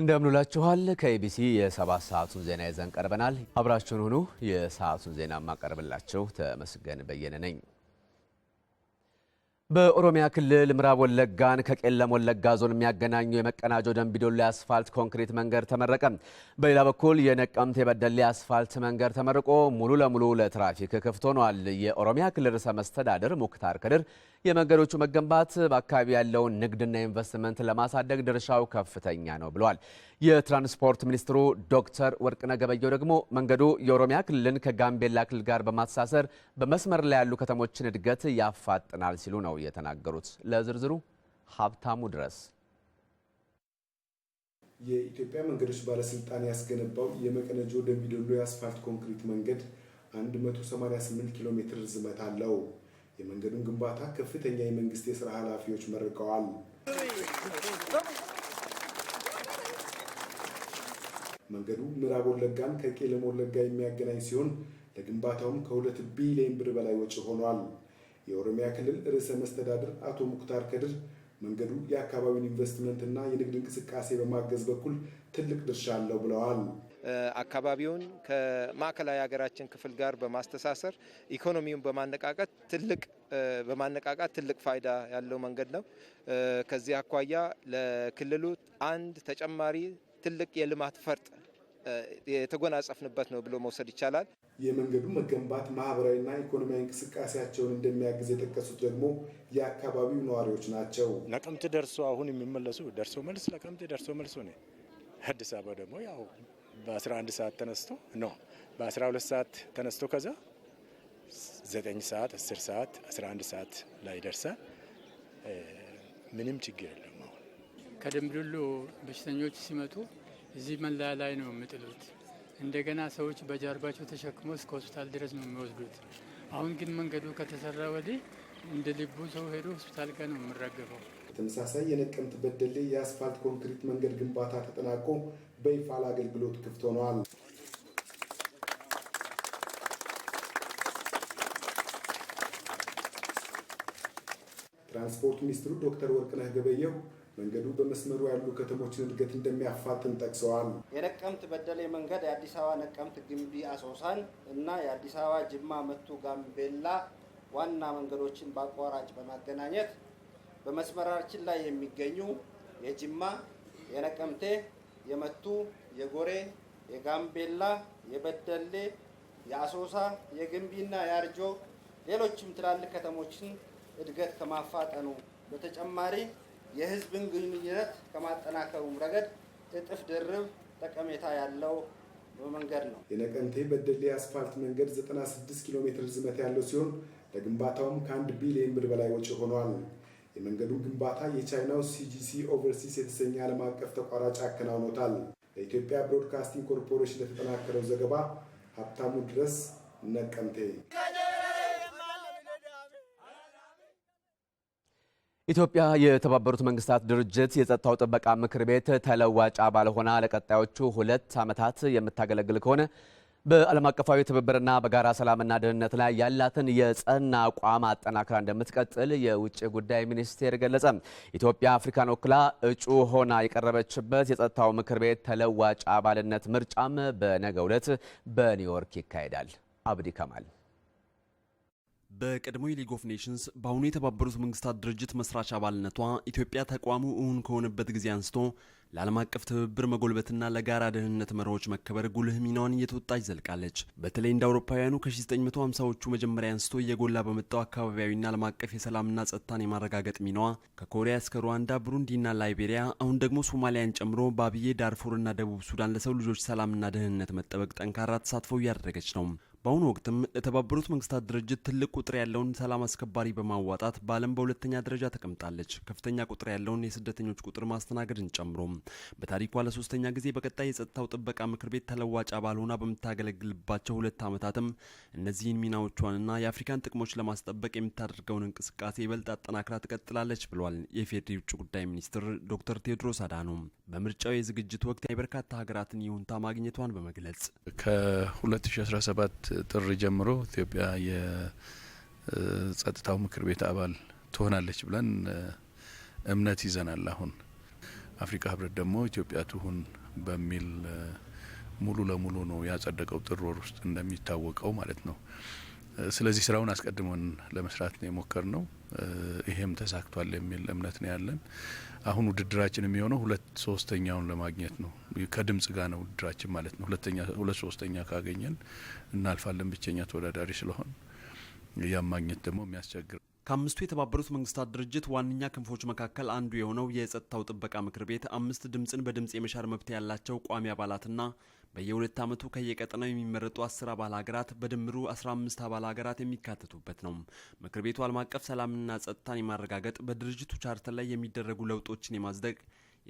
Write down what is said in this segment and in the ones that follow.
እንደምንላችኋል ከኢቢሲ የሰባት ሰዓቱን ዜና ይዘን ቀርበናል። አብራችሁን ሁኑ። የሰዓቱን ዜና ማቀርብላችሁ ተመስገን በየነ ነኝ። በኦሮሚያ ክልል ምዕራብ ወለጋን ከቄለም ወለጋ ዞን የሚያገናኙ የመቀናጆ ደንቢዶሎ የአስፋልት ኮንክሪት መንገድ ተመረቀ። በሌላ በኩል የነቀምት የበደሌ የአስፋልት መንገድ ተመርቆ ሙሉ ለሙሉ ለትራፊክ ክፍት ሆኗል። የኦሮሚያ ክልል ርዕሰ መስተዳድር ሙክታር ከድር የመንገዶቹ መገንባት በአካባቢ ያለውን ንግድና ኢንቨስትመንት ለማሳደግ ድርሻው ከፍተኛ ነው ብለዋል። የትራንስፖርት ሚኒስትሩ ዶክተር ወርቅነህ ገበየሁ ደግሞ መንገዱ የኦሮሚያ ክልልን ከጋምቤላ ክልል ጋር በማስተሳሰር በመስመር ላይ ያሉ ከተሞችን እድገት ያፋጥናል ሲሉ ነው የተናገሩት። ለዝርዝሩ ሀብታሙ ድረስ የኢትዮጵያ መንገዶች ባለስልጣን ያስገነባው የመቀነ ጆ ደምቢዶሎ የአስፋልት ኮንክሪት መንገድ 188 ኪሎ ሜትር ርዝመት አለው። የመንገዱን ግንባታ ከፍተኛ የመንግስት የስራ ኃላፊዎች መርቀዋል። መንገዱ ምዕራብ ወለጋን ከቄለም ወለጋ የሚያገናኝ ሲሆን ለግንባታውም ከሁለት ቢሊዮን ብር በላይ ወጪ ሆኗል። የኦሮሚያ ክልል ርዕሰ መስተዳድር አቶ ሙክታር ከድር መንገዱ የአካባቢውን ኢንቨስትመንትና የንግድ እንቅስቃሴ በማገዝ በኩል ትልቅ ድርሻ አለው ብለዋል። አካባቢውን ከማዕከላዊ ሀገራችን ክፍል ጋር በማስተሳሰር ኢኮኖሚውን በማነቃቃት ትልቅ በማነቃቃት ትልቅ ፋይዳ ያለው መንገድ ነው። ከዚህ አኳያ ለክልሉ አንድ ተጨማሪ ትልቅ የልማት ፈርጥ የተጎናጸፍንበት ነው ብሎ መውሰድ ይቻላል። የመንገዱ መገንባት ማህበራዊና ኢኮኖሚያዊ እንቅስቃሴያቸውን እንደሚያግዝ የጠቀሱት ደግሞ የአካባቢው ነዋሪዎች ናቸው። ነቀምት ደርሶ አሁን የሚመለሱ ደርሶ መልስ ነቀምት ደርሶ መልሶ ነ አዲስ አበባ ደግሞ ያው በ11 ሰዓት ተነስቶ ኖ በ12 ሰዓት ተነስቶ ከዛ 9 ሰዓት 10 ሰዓት 11 ሰዓት ላይ ደርሳል። ምንም ችግር የለም። አሁን ከደምቢዶሎ በሽተኞች ሲመጡ እዚህ መለያ ላይ ነው የምጥሉት እንደገና ሰዎች በጀርባቸው ተሸክሞ እስከ ሆስፒታል ድረስ ነው የሚወስዱት። አሁን ግን መንገዱ ከተሰራ ወዲህ እንደ ልቡ ሰው ሄዶ ሆስፒታል ጋር ነው የምረገፈው። ተመሳሳይ የነቀምት በደሌ የአስፋልት ኮንክሪት መንገድ ግንባታ ተጠናቆ በይፋ ለአገልግሎት ክፍት ሆነዋል። ትራንስፖርት ሚኒስትሩ ዶክተር ወርቅነህ ገበየሁ መንገዱ በመስመሩ ያሉ ከተሞችን እድገት እንደሚያፋጥን ጠቅሰዋል። የነቀምት በደሌ መንገድ የአዲስ አበባ ነቀምት ግንቢ አሶሳን እና የአዲስ አበባ ጅማ መቱ ጋምቤላ ዋና መንገዶችን በአቋራጭ በማገናኘት በመስመራችን ላይ የሚገኙ የጅማ፣ የነቀምቴ፣ የመቱ፣ የጎሬ፣ የጋምቤላ፣ የበደሌ፣ የአሶሳ፣ የግንቢና የአርጆ ሌሎችም ትላልቅ ከተሞችን እድገት ከማፋጠኑ በተጨማሪ የህዝብን ግንኙነት ከማጠናከሩም ረገድ እጥፍ ድርብ ጠቀሜታ ያለው መንገድ ነው። የነቀምቴ በደሌ አስፋልት መንገድ 96 ኪሎ ሜትር ርዝመት ያለው ሲሆን ለግንባታውም ከአንድ ቢሊዮን ብር በላይ ወጪ ሆኗል። የመንገዱ ግንባታ የቻይናው ሲጂሲ ኦቨርሲስ የተሰኘ ዓለም አቀፍ ተቋራጭ አከናውኖታል። ለኢትዮጵያ ብሮድካስቲንግ ኮርፖሬሽን ለተጠናከረው ዘገባ ሀብታሙ ድረስ ነቀምቴ። ኢትዮጵያ የተባበሩት መንግስታት ድርጅት የጸጥታው ጥበቃ ምክር ቤት ተለዋጭ አባል ሆና ለቀጣዮቹ ሁለት ዓመታት የምታገለግል ከሆነ በዓለም አቀፋዊ ትብብርና በጋራ ሰላምና ደህንነት ላይ ያላትን የጸና አቋም አጠናክራ እንደምትቀጥል የውጭ ጉዳይ ሚኒስቴር ገለጸ። ኢትዮጵያ አፍሪካን ወክላ እጩ ሆና የቀረበችበት የጸጥታው ምክር ቤት ተለዋጭ አባልነት ምርጫም በነገው ዕለት በኒውዮርክ ይካሄዳል። አብዲ ከማል በቀድሞ የሊግ ኦፍ ኔሽንስ በአሁኑ የተባበሩት መንግስታት ድርጅት መስራች አባልነቷ ኢትዮጵያ ተቋሙ እውን ከሆነበት ጊዜ አንስቶ ለዓለም አቀፍ ትብብር መጎልበትና ለጋራ ደህንነት መርሆች መከበር ጉልህ ሚናዋን እየተወጣች ዘልቃለች። በተለይ እንደ አውሮፓውያኑ ከ1950ዎቹ መጀመሪያ አንስቶ እየጎላ በመጣው አካባቢያዊና ዓለም አቀፍ የሰላምና ጸጥታን የማረጋገጥ ሚናዋ ከኮሪያ እስከ ሩዋንዳ፣ ብሩንዲና ላይቤሪያ አሁን ደግሞ ሶማሊያን ጨምሮ በአብዬ ዳርፉርና ደቡብ ሱዳን ለሰው ልጆች ሰላምና ደህንነት መጠበቅ ጠንካራ ተሳትፎ እያደረገች ነው። በአሁኑ ወቅትም ለተባበሩት መንግስታት ድርጅት ትልቅ ቁጥር ያለውን ሰላም አስከባሪ በማዋጣት በዓለም በሁለተኛ ደረጃ ተቀምጣለች። ከፍተኛ ቁጥር ያለውን የስደተኞች ቁጥር ማስተናገድን ጨምሮ በታሪኳ ለሶስተኛ ጊዜ በቀጣይ የጸጥታው ጥበቃ ምክር ቤት ተለዋጭ አባል ሆና በምታገለግልባቸው ሁለት ዓመታትም እነዚህን ሚናዎቿንና የአፍሪካን ጥቅሞች ለማስጠበቅ የምታደርገውን እንቅስቃሴ ይበልጥ አጠናክራ ትቀጥላለች ብሏል የኢፌዴሪ ውጭ ጉዳይ ሚኒስትር ዶክተር ቴዎድሮስ አዳኖ በምርጫው የዝግጅት ወቅት የበርካታ ሀገራትን ይሁንታ ማግኘቷን በመግለጽ ከ2017 ጥር ጀምሮ ኢትዮጵያ የጸጥታው ምክር ቤት አባል ትሆናለች ብለን እምነት ይዘናል። አሁን አፍሪካ ህብረት ደግሞ ኢትዮጵያ ትሁን በሚል ሙሉ ለሙሉ ነው ያጸደቀው ጥር ወር ውስጥ እንደሚታወቀው ማለት ነው። ስለዚህ ስራውን አስቀድመን ለመስራት ነው የሞከር ነው። ይሄም ተሳክቷል የሚል እምነት ነው ያለን። አሁን ውድድራችን የሚሆነው ሁለት ሶስተኛውን ለማግኘት ነው። ከድምጽ ጋር ነው ውድድራችን ማለት ነው። ሁለተኛ ሁለት ሶስተኛ ካገኘን እናልፋለን። ብቸኛ ተወዳዳሪ ስለሆን ያም ማግኘት ደግሞ የሚያስቸግር ከአምስቱ የተባበሩት መንግስታት ድርጅት ዋነኛ ክንፎች መካከል አንዱ የሆነው የጸጥታው ጥበቃ ምክር ቤት አምስት ድምፅን በድምፅ የመሻር መብት ያላቸው ቋሚ አባላትና በየሁለት ዓመቱ ከየቀጠናው የሚመረጡ አስር አባል ሀገራት በድምሩ አምስት አባል ሀገራት የሚካተቱበት ነው። ምክር ቤቱ ዓለም አቀፍ ሰላምና ጸጥታን የማረጋገጥ በድርጅቱ ቻርተር ላይ የሚደረጉ ለውጦችን የማጽደቅ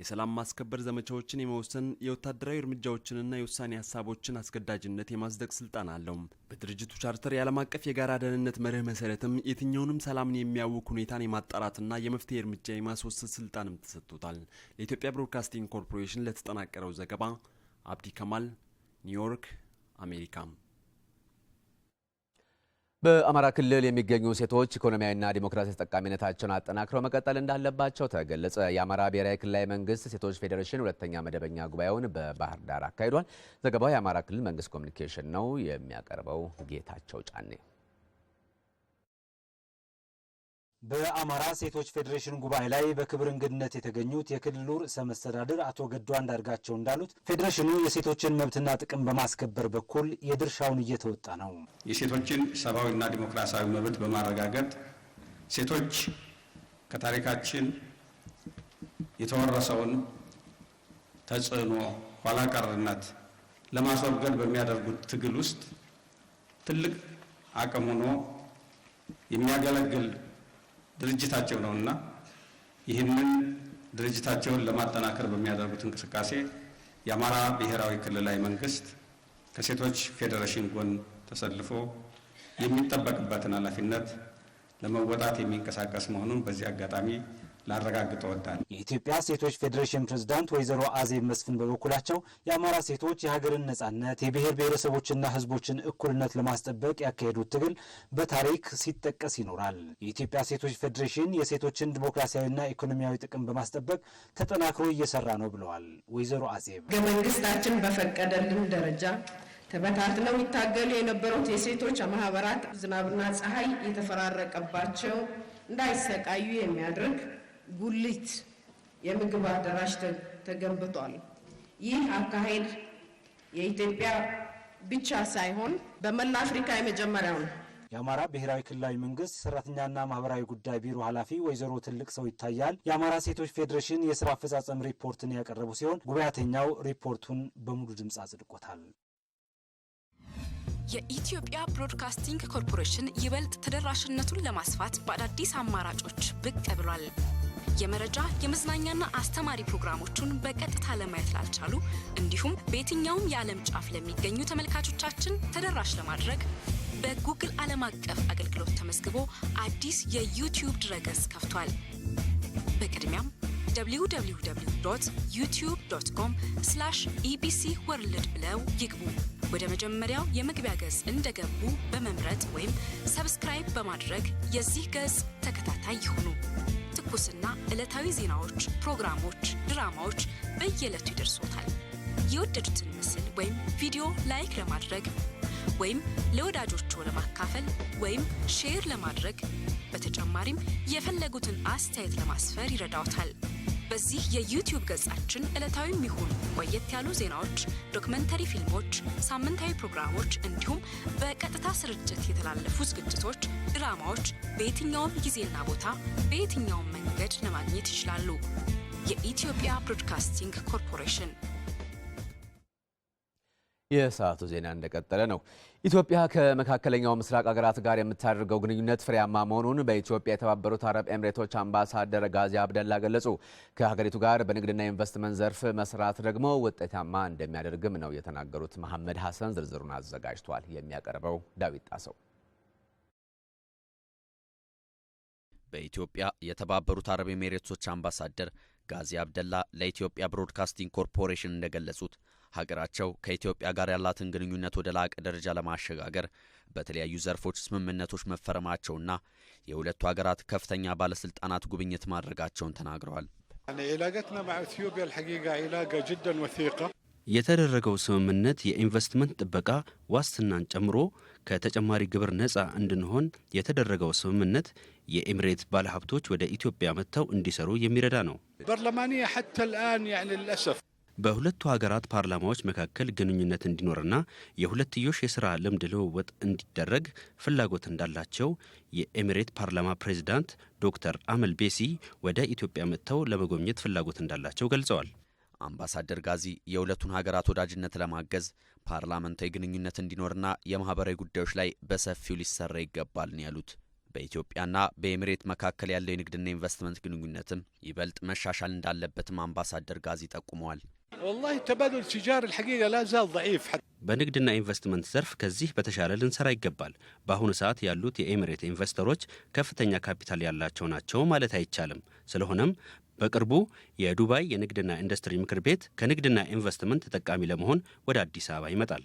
የሰላም ማስከበር ዘመቻዎችን የመወሰን የወታደራዊ እርምጃዎችንና የውሳኔ ሀሳቦችን አስገዳጅነት የማጽደቅ ስልጣን አለው። በድርጅቱ ቻርተር የዓለም አቀፍ የጋራ ደህንነት መርህ መሰረትም የትኛውንም ሰላምን የሚያውክ ሁኔታን የማጣራትና የመፍትሄ እርምጃ የማስወሰድ ስልጣንም ተሰጥቶታል። ለኢትዮጵያ ብሮድካስቲንግ ኮርፖሬሽን ለተጠናቀረው ዘገባ አብዲ ከማል ኒውዮርክ አሜሪካ። በአማራ ክልል የሚገኙ ሴቶች ኢኮኖሚያዊና ዲሞክራሲ ተጠቃሚነታቸውን አጠናክረው መቀጠል እንዳለባቸው ተገለጸ። የአማራ ብሔራዊ ክልላዊ መንግስት ሴቶች ፌዴሬሽን ሁለተኛ መደበኛ ጉባኤውን በባህር ዳር አካሂዷል። ዘገባው የአማራ ክልል መንግስት ኮሚኒኬሽን ነው። የሚያቀርበው ጌታቸው ጫኔ በአማራ ሴቶች ፌዴሬሽን ጉባኤ ላይ በክብር እንግድነት የተገኙት የክልሉ ርዕሰ መስተዳድር አቶ ገዱ አንዳርጋቸው እንዳሉት ፌዴሬሽኑ የሴቶችን መብትና ጥቅም በማስከበር በኩል የድርሻውን እየተወጣ ነው። የሴቶችን ሰብአዊና ዲሞክራሲያዊ መብት በማረጋገጥ ሴቶች ከታሪካችን የተወረሰውን ተጽዕኖ ኋላቀርነት ለማስወገድ በሚያደርጉት ትግል ውስጥ ትልቅ አቅም ሆኖ የሚያገለግል ድርጅታቸው ነውና ይህንን ድርጅታቸውን ለማጠናከር በሚያደርጉት እንቅስቃሴ የአማራ ብሔራዊ ክልላዊ መንግስት ከሴቶች ፌዴሬሽን ጎን ተሰልፎ የሚጠበቅበትን ኃላፊነት ለመወጣት የሚንቀሳቀስ መሆኑን በዚህ አጋጣሚ ላረጋግጥ እወዳለሁ። የኢትዮጵያ ሴቶች ፌዴሬሽን ፕሬዝዳንት ወይዘሮ አዜብ መስፍን በበኩላቸው የአማራ ሴቶች የሀገርን ነጻነት፣ የብሔር ብሔረሰቦችና ህዝቦችን እኩልነት ለማስጠበቅ ያካሄዱት ትግል በታሪክ ሲጠቀስ ይኖራል። የኢትዮጵያ ሴቶች ፌዴሬሽን የሴቶችን ዲሞክራሲያዊና ኢኮኖሚያዊ ጥቅም በማስጠበቅ ተጠናክሮ እየሰራ ነው ብለዋል ወይዘሮ አዜብ። ሕገ መንግስታችን በፈቀደልን ደረጃ ተበታትነው ይታገሉ የነበሩት የሴቶች ማህበራት ዝናብና ፀሐይ የተፈራረቀባቸው እንዳይሰቃዩ የሚያደርግ ጉሊት የምግብ አዳራሽ ተገንብቷል። ይህ አካሄድ የኢትዮጵያ ብቻ ሳይሆን በመላ አፍሪካ የመጀመሪያው ነው። የአማራ ብሔራዊ ክልላዊ መንግስት ሰራተኛና ማህበራዊ ጉዳይ ቢሮ ኃላፊ ወይዘሮ ትልቅ ሰው ይታያል የአማራ ሴቶች ፌዴሬሽን የስራ አፈጻጸም ሪፖርትን ያቀረቡ ሲሆን ጉባኤተኛው ሪፖርቱን በሙሉ ድምፅ አጽድቆታል። የኢትዮጵያ ብሮድካስቲንግ ኮርፖሬሽን ይበልጥ ተደራሽነቱን ለማስፋት በአዳዲስ አማራጮች ብቅ ብሏል። የመረጃ የመዝናኛና አስተማሪ ፕሮግራሞቹን በቀጥታ ለማየት ላልቻሉ እንዲሁም በየትኛውም የዓለም ጫፍ ለሚገኙ ተመልካቾቻችን ተደራሽ ለማድረግ በጉግል ዓለም አቀፍ አገልግሎት ተመዝግቦ አዲስ የዩቲዩብ ድረገጽ ከፍቷል። በቅድሚያም www ዩቲዩብ ዶት ኮም ኢቢሲ ወርልድ ብለው ይግቡ። ወደ መጀመሪያው የመግቢያ ገጽ እንደገቡ በመምረጥ ወይም ሰብስክራይብ በማድረግ የዚህ ገጽ ተከታታይ ይሁኑ። ትኩስና ዕለታዊ ዜናዎች፣ ፕሮግራሞች፣ ድራማዎች በየዕለቱ ይደርሶታል። የወደዱትን ምስል ወይም ቪዲዮ ላይክ ለማድረግ ወይም ለወዳጆቹ ለማካፈል ወይም ሼር ለማድረግ በተጨማሪም የፈለጉትን አስተያየት ለማስፈር ይረዳውታል። በዚህ የዩቲዩብ ገጻችን ዕለታዊ የሚሆኑ ቆየት ያሉ ዜናዎች፣ ዶክመንተሪ ፊልሞች፣ ሳምንታዊ ፕሮግራሞች እንዲሁም በቀጥታ ስርጭት የተላለፉ ዝግጅቶች፣ ድራማዎች በየትኛውም ጊዜና ቦታ በየትኛውም መንገድ ለማግኘት ይችላሉ። የኢትዮጵያ ብሮድካስቲንግ ኮርፖሬሽን። የሰዓቱ ዜና እንደቀጠለ ነው። ኢትዮጵያ ከመካከለኛው ምስራቅ ሀገራት ጋር የምታደርገው ግንኙነት ፍሬያማ መሆኑን በኢትዮጵያ የተባበሩት አረብ ኤምሬቶች አምባሳደር ጋዚ አብደላ ገለጹ። ከሀገሪቱ ጋር በንግድና ኢንቨስትመንት ዘርፍ መስራት ደግሞ ውጤታማ እንደሚያደርግም ነው የተናገሩት። መሐመድ ሐሰን ዝርዝሩን አዘጋጅቷል። የሚያቀርበው ዳዊት ጣሰው በኢትዮጵያ የተባበሩት አረብ ኤሜሬቶች አምባሳደር ጋዚ አብደላ ለኢትዮጵያ ብሮድካስቲንግ ኮርፖሬሽን እንደገለጹት ሀገራቸው ከኢትዮጵያ ጋር ያላትን ግንኙነት ወደ ላቀ ደረጃ ለማሸጋገር በተለያዩ ዘርፎች ስምምነቶች መፈረማቸውና የሁለቱ ሀገራት ከፍተኛ ባለስልጣናት ጉብኝት ማድረጋቸውን ተናግረዋል። የተደረገው ስምምነት የኢንቨስትመንት ጥበቃ ዋስትናን ጨምሮ ከተጨማሪ ግብር ነፃ እንድንሆን የተደረገው ስምምነት የኤምሬት ባለሀብቶች ወደ ኢትዮጵያ መጥተው እንዲሰሩ የሚረዳ ነው። በርለማንያ ሐተ ልአን በሁለቱ ሀገራት ፓርላማዎች መካከል ግንኙነት እንዲኖርና የሁለትዮሽ የስራ ልምድ ልውውጥ እንዲደረግ ፍላጎት እንዳላቸው የኤሚሬት ፓርላማ ፕሬዚዳንት ዶክተር አመል ቤሲ ወደ ኢትዮጵያ መጥተው ለመጎብኘት ፍላጎት እንዳላቸው ገልጸዋል። አምባሳደር ጋዚ የሁለቱን ሀገራት ወዳጅነት ለማገዝ ፓርላመንታዊ ግንኙነት እንዲኖርና የማህበራዊ ጉዳዮች ላይ በሰፊው ሊሰራ ይገባል ነው ያሉት። በኢትዮጵያና በኤሚሬት መካከል ያለው የንግድና ኢንቨስትመንት ግንኙነትም ይበልጥ መሻሻል እንዳለበትም አምባሳደር ጋዚ ጠቁመዋል። በንግድና ኢንቨስትመንት ዘርፍ ከዚህ በተሻለ ልንሰራ ይገባል። በአሁኑ ሰዓት ያሉት የኤሚሬት ኢንቨስተሮች ከፍተኛ ካፒታል ያላቸው ናቸው ማለት አይቻልም። ስለሆነም በቅርቡ የዱባይ የንግድና ኢንዱስትሪ ምክር ቤት ከንግድና ኢንቨስትመንት ተጠቃሚ ለመሆን ወደ አዲስ አበባ ይመጣል።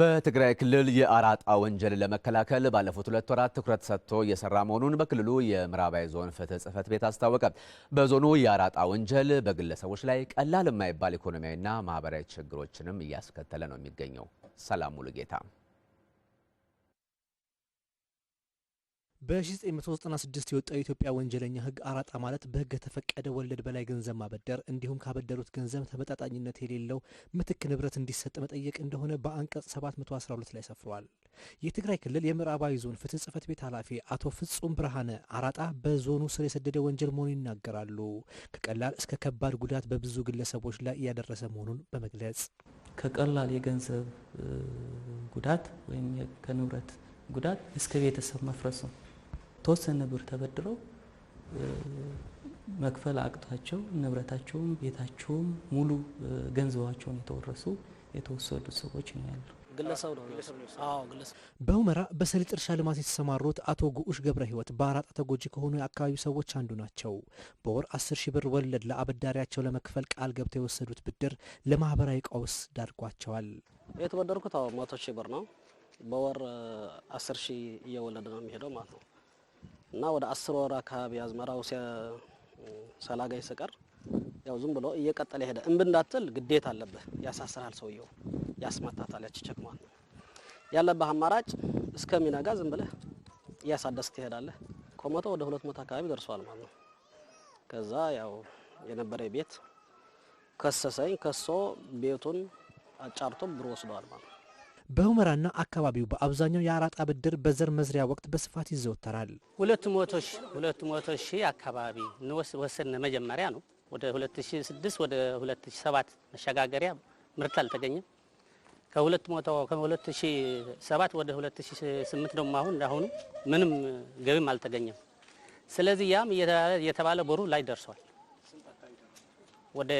በትግራይ ክልል የአራጣ ወንጀል ለመከላከል ባለፉት ሁለት ወራት ትኩረት ሰጥቶ እየሰራ መሆኑን በክልሉ የምዕራባዊ ዞን ፍትህ ጽህፈት ቤት አስታወቀ። በዞኑ የአራጣ ወንጀል በግለሰቦች ላይ ቀላል የማይባል ኢኮኖሚያዊና ማህበራዊ ችግሮችንም እያስከተለ ነው የሚገኘው። ሰላም ጌታ። በ1996 የወጣው የኢትዮጵያ ወንጀለኛ ህግ አራጣ ማለት በህግ የተፈቀደ ወለድ በላይ ገንዘብ ማበደር እንዲሁም ካበደሩት ገንዘብ ተመጣጣኝነት የሌለው ምትክ ንብረት እንዲሰጥ መጠየቅ እንደሆነ በአንቀጽ 712 ላይ ሰፍሯል። የትግራይ ክልል የምዕራባዊ ዞን ፍትህ ጽህፈት ቤት ኃላፊ አቶ ፍጹም ብርሃነ አራጣ በዞኑ ስር የሰደደ ወንጀል መሆኑን ይናገራሉ። ከቀላል እስከ ከባድ ጉዳት በብዙ ግለሰቦች ላይ እያደረሰ መሆኑን በመግለጽ ከቀላል የገንዘብ ጉዳት ወይም ከንብረት ጉዳት እስከ ቤተሰብ መፍረስ ነው። ተወሰነ ብር ተበድረው መክፈል አቅቷቸው ንብረታቸውም ቤታቸውም ሙሉ ገንዘባቸውን የተወረሱ የተወሰዱ ሰዎች ነው ያሉ። በሁመራ በሰሊጥ እርሻ ልማት የተሰማሩት አቶ ጉዑሽ ገብረ ህይወት በአራጣ ተጎጂ ከሆኑ የአካባቢው ሰዎች አንዱ ናቸው። በወር አስር ሺህ ብር ወለድ ለአበዳሪያቸው ለመክፈል ቃል ገብተው የወሰዱት ብድር ለማህበራዊ ቀውስ ዳርጓቸዋል። የተበደርኩት መቶ ሺህ ብር ነው። በወር አስር ሺህ እየወለድ ነው የሚሄደው ማለት ነው እና ወደ አስር ወር አካባቢ አዝመራው ሳላጋይ ስቀር ያው ዝም ብሎ እየቀጠለ ሄደ። እምብ እንዳትል ግዴታ አለብህ። ያሳስርሃል፣ ሰውየው ያስመታታል። ያቺ ቸክ ማለት ነው ያለብህ አማራጭ። እስከሚነጋ ዝም ብለህ እያሳደስ ትሄዳለህ። ከመቶ ወደ ሁለት መቶ አካባቢ ደርሷል ማለት ነው። ከዛ ያው የነበረ ቤት ከሰሰኝ። ከሶ ቤቱን አጫርቶ ብር ወስደዋል ማለት ነው። በሁመራና አካባቢው በአብዛኛው የአራጣ ብድር በዘር መዝሪያ ወቅት በስፋት ይዘወተራል። ሁለት መቶ ሺህ ሁለት መቶ ሺ አካባቢ ወሰን መጀመሪያ ነው። ወደ 2006 ወደ 2007 መሸጋገሪያ ምርት አልተገኘም። ከ2007 ወደ 2008 ደግሞ አሁን እንዳሁኑ ምንም ገቢም አልተገኘም። ስለዚህ ያም የተባለ ቦሩ ላይ ደርሷል። ወደ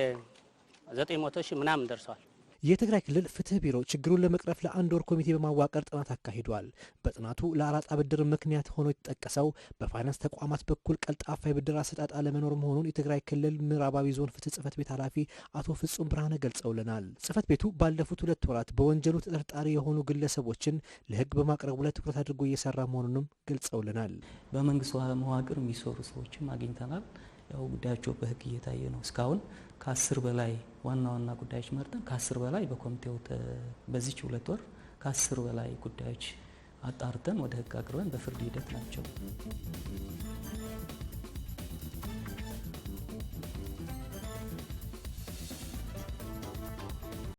900 ሺህ ምናምን ደርሷል። የትግራይ ክልል ፍትህ ቢሮ ችግሩን ለመቅረፍ ለአንድ ወር ኮሚቴ በማዋቀር ጥናት አካሂዷል። በጥናቱ ለአራጣ ብድር ምክንያት ሆኖ የተጠቀሰው በፋይናንስ ተቋማት በኩል ቀልጣፋ የብድር አሰጣጥ አለመኖር መሆኑን የትግራይ ክልል ምዕራባዊ ዞን ፍትህ ጽህፈት ቤት ኃላፊ አቶ ፍጹም ብርሃነ ገልጸውልናል። ጽህፈት ቤቱ ባለፉት ሁለት ወራት በወንጀሉ ተጠርጣሪ የሆኑ ግለሰቦችን ለህግ በማቅረቡ ላይ ትኩረት አድርጎ እየሰራ መሆኑንም ገልጸውልናል። በመንግስት መዋቅር የሚሰሩ ሰዎችም አግኝተናል። ያው ጉዳያቸው በህግ እየታየ ነው እስካሁን ከአስር በላይ ዋና ዋና ጉዳዮች መርጠን ከአስር በላይ በኮሚቴው በዚች ሁለት ወር ከአስር በላይ ጉዳዮች አጣርተን ወደ ህግ አቅርበን በፍርድ ሂደት ናቸው።